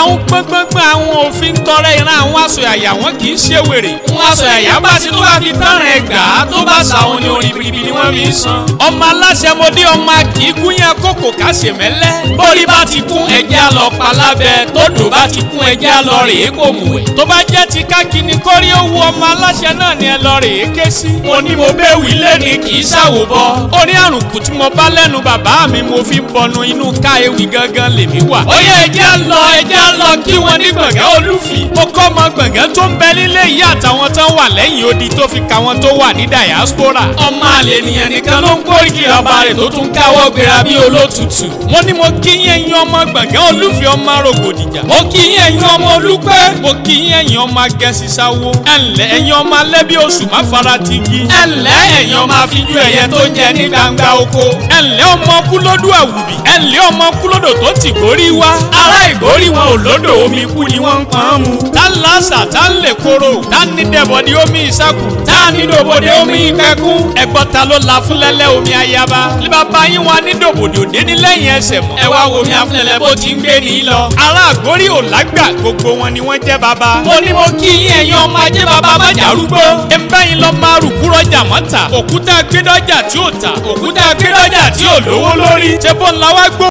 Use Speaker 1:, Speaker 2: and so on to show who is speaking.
Speaker 1: àwọn gbẹ́gbẹ́gbẹ́ àwọn òfin tọrẹ ìran àwọn aṣọyàyà wọn kì í ṣe wèrè. wọn aṣọyàyà bá ti tó bá fi tán rẹ̀ gbà á tó bá ṣàwọn ní orin bìbì ni wọ́n fi ń san. ọmọ aláṣẹ mo dé ọmọ akíkún yẹn kókò ká ṣe mẹ́lẹ́. bórí bá ti kún ẹja lọ palábẹ́ tó dùn bá ti kún ẹja lọ rèé kò mùwẹ̀. tó bá jẹ́ ti káàkiri ni kórí owó ọmọ aláṣẹ náà ni ẹ lọ rèé ké sí. mo ní mo bẹ́ẹ̀ wí lẹ́ni kì í ṣàwòbọ. ó ní àrùn kù tí mo bá lẹ́nu bàbá mi mo fi bọnu inú ká ewì gangan lèmi wà. ó yẹ ẹja lọ ẹja lọ kí wọn ní gbọ̀ngàn olúfì. mo kọ́ yìí àtàwọn tán wà lẹ́yìn odi tó fi ka wọn tó wà ní diaspora. ọmọ àlè nìyẹn nìkan ló ń kórìkì ọba rẹ̀ tó tún káwọ́ gbéra bí olótùtù. mo ní mo kí yín ẹ̀yin ọmọ gbọ̀ngàn olúfẹ́ ọmọ rògbòdìjà. mo kí yín ẹ̀yin ọmọ olúpẹ́. mo kí yín ẹ̀yin ọmọ agẹ́sísáwó. ẹ ǹlẹ́ ẹ̀yin ọmọ alẹ́ bí oṣù má fara ti gi. ẹ ǹlẹ́ ẹ̀yin ọmọ afínjú ẹ̀yẹ tó jẹ ní gbangba oko. ẹ ǹlẹ́ ọmọ kúlódù àwùbí. ẹ ǹlẹ́ ọmọ kúlódò tó ti kórí wa. ará ìgórí wọn ò lódò omi kú ni wọ́n ń pọn mu. tá ń lásà tá ń lè kóró tani dẹ̀bọ̀dé omi ìsẹ́kù tani dòbòdé omi ìkẹ́kù ẹ̀gbọ́n ta ló la fúnlẹ́lẹ́ omi ayaba bàbá yín wa ní dòbòdò dé ní lẹ́yìn ẹsẹ̀ mọ́ ẹ wá wo mi afúnlẹ̀lẹ̀ bó ti ń gbé ní í lọ. ará àgórí ò lágbà gbogbo wọn ni wọ́n jẹ́ bàbá. mo ní mo kí yín ẹ̀yin ọmọ ajé bàbá bàjẹ́ arúgbó. ẹ bá yín lọ máa rù kúrọ́jà mọ́ta ta òkúta gbẹ́dọ́jà tí ò lówó lórí. ṣé bó ńlá wá